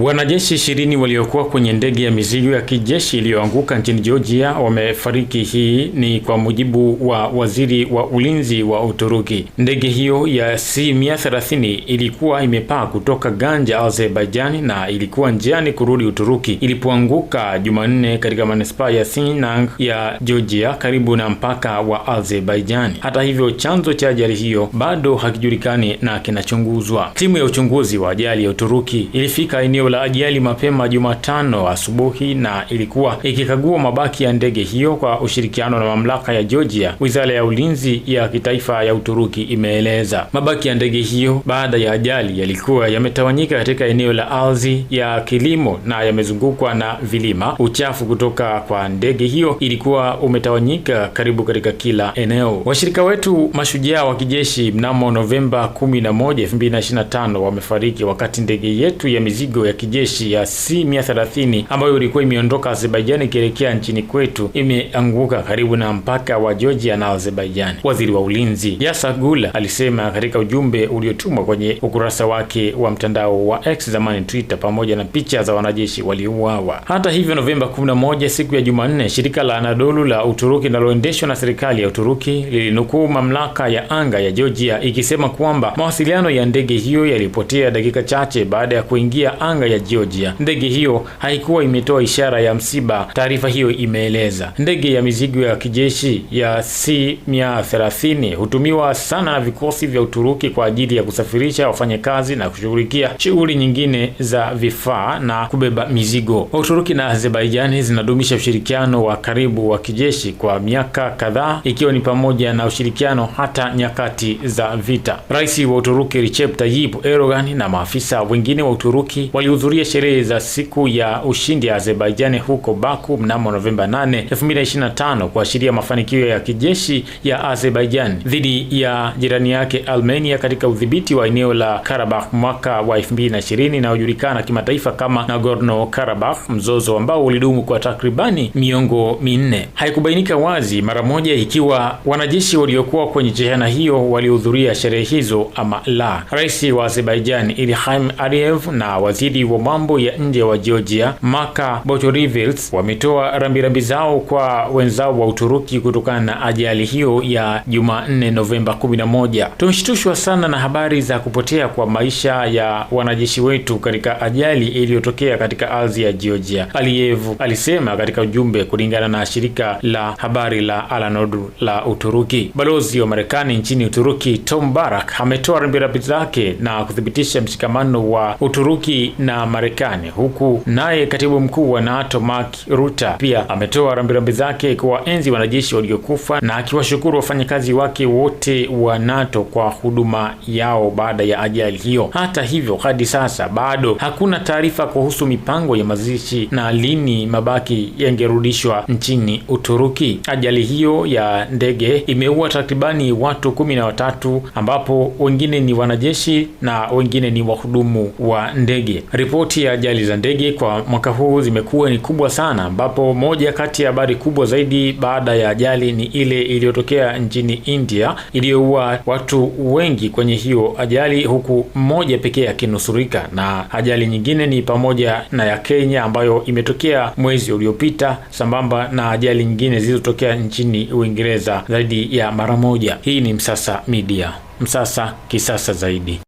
Wanajeshi ishirini waliokuwa kwenye ndege ya mizigo ya kijeshi iliyoanguka nchini Georgia wamefariki. Hii ni kwa mujibu wa waziri wa ulinzi wa Uturuki. Ndege hiyo ya C-130 ilikuwa imepaa kutoka Ganja, Azerbaijan na ilikuwa njiani kurudi Uturuki ilipoanguka Jumanne katika manispaa ya Sinang ya Georgia karibu na mpaka wa Azerbaijan. Hata hivyo, chanzo cha ajali hiyo bado hakijulikani na kinachunguzwa. Timu ya uchunguzi wa ajali ya Uturuki ilifika eneo la ajali mapema Jumatano asubuhi na ilikuwa ikikagua mabaki ya ndege hiyo kwa ushirikiano na mamlaka ya Georgia, wizara ya ulinzi ya kitaifa ya Uturuki imeeleza. Mabaki ya ndege hiyo baada ya ajali yalikuwa yametawanyika katika eneo la ardhi ya kilimo na yamezungukwa na vilima. Uchafu kutoka kwa ndege hiyo ilikuwa umetawanyika karibu katika kila eneo. Washirika wetu mashujaa wa kijeshi mnamo Novemba 11, 2025 wamefariki wakati ndege yetu ya mizigo ya kijeshi ya C-130 ambayo ilikuwa imeondoka Azerbaijani ikielekea nchini kwetu imeanguka karibu na mpaka wa Georgia na Azerbaijani. Waziri wa ulinzi yasagula Gula alisema katika ujumbe uliotumwa kwenye ukurasa wake wa mtandao wa X zamani Twitter, pamoja na picha za wanajeshi waliouawa. Hata hivyo, Novemba 11 siku ya Jumanne, shirika la Anadolu la Uturuki linaloendeshwa na serikali ya Uturuki lilinukuu mamlaka ya anga ya Georgia ikisema kwamba mawasiliano ya ndege hiyo yalipotea dakika chache baada ya kuingia anga anga ya Georgia. Ndege hiyo haikuwa imetoa ishara ya msiba, taarifa hiyo imeeleza. Ndege ya mizigo ya kijeshi ya C-130 hutumiwa sana na vikosi vya Uturuki kwa ajili ya kusafirisha wafanyakazi na kushughulikia shughuli nyingine za vifaa na kubeba mizigo. Uturuki na Azerbaijani zinadumisha ushirikiano wa karibu wa kijeshi kwa miaka kadhaa, ikiwa ni pamoja na ushirikiano hata nyakati za vita. Rais wa Uturuki Recep Tayyip Erdogan na maafisa wengine wa Uturuki wali alihudhuria sherehe za siku ya ushindi ya Azerbaijani huko Baku mnamo Novemba 8, 2025 kuashiria mafanikio ya kijeshi ya Azerbaijan dhidi ya jirani yake Armenia katika udhibiti wa eneo la Karabakh mwaka wa 2020 inayojulikana kimataifa kama Nagorno Karabakh, mzozo ambao ulidumu kwa takribani miongo minne. Haikubainika wazi mara moja ikiwa wanajeshi waliokuwa kwenye jehana hiyo walihudhuria sherehe hizo ama la. Rais wa Azerbaijan Ilham Aliyev na waziri waziri wa mambo ya nje wa Georgia maka Botorivils wametoa rambirambi zao kwa wenzao wa Uturuki kutokana na ajali hiyo ya Jumanne Novemba 11. Tumeshtushwa sana na habari za kupotea kwa maisha ya wanajeshi wetu katika ajali iliyotokea katika ardhi ya Georgia, Aliyev alisema katika ujumbe, kulingana na shirika la habari la alanod la Uturuki. Balozi wa Marekani nchini Uturuki Tom Barak ametoa rambirambi zake na kuthibitisha mshikamano wa Uturuki na na Marekani, huku naye katibu mkuu wa NATO Mark Rutte pia ametoa rambirambi zake kwa enzi wanajeshi waliokufa na akiwashukuru wafanyakazi wake wote wa NATO kwa huduma yao baada ya ajali hiyo. Hata hivyo, hadi sasa bado hakuna taarifa kuhusu mipango ya mazishi na lini mabaki yangerudishwa nchini Uturuki. Ajali hiyo ya ndege imeua takribani watu kumi na watatu ambapo wengine ni wanajeshi na wengine ni wahudumu wa ndege. Ripoti ya ajali za ndege kwa mwaka huu zimekuwa ni kubwa sana, ambapo moja kati ya habari kubwa zaidi baada ya ajali ni ile iliyotokea nchini India iliyoua watu wengi kwenye hiyo ajali, huku mmoja pekee akinusurika. Na ajali nyingine ni pamoja na ya Kenya ambayo imetokea mwezi uliopita, sambamba na ajali nyingine zilizotokea nchini Uingereza zaidi ya mara moja. Hii ni Msasa Media, Msasa kisasa zaidi.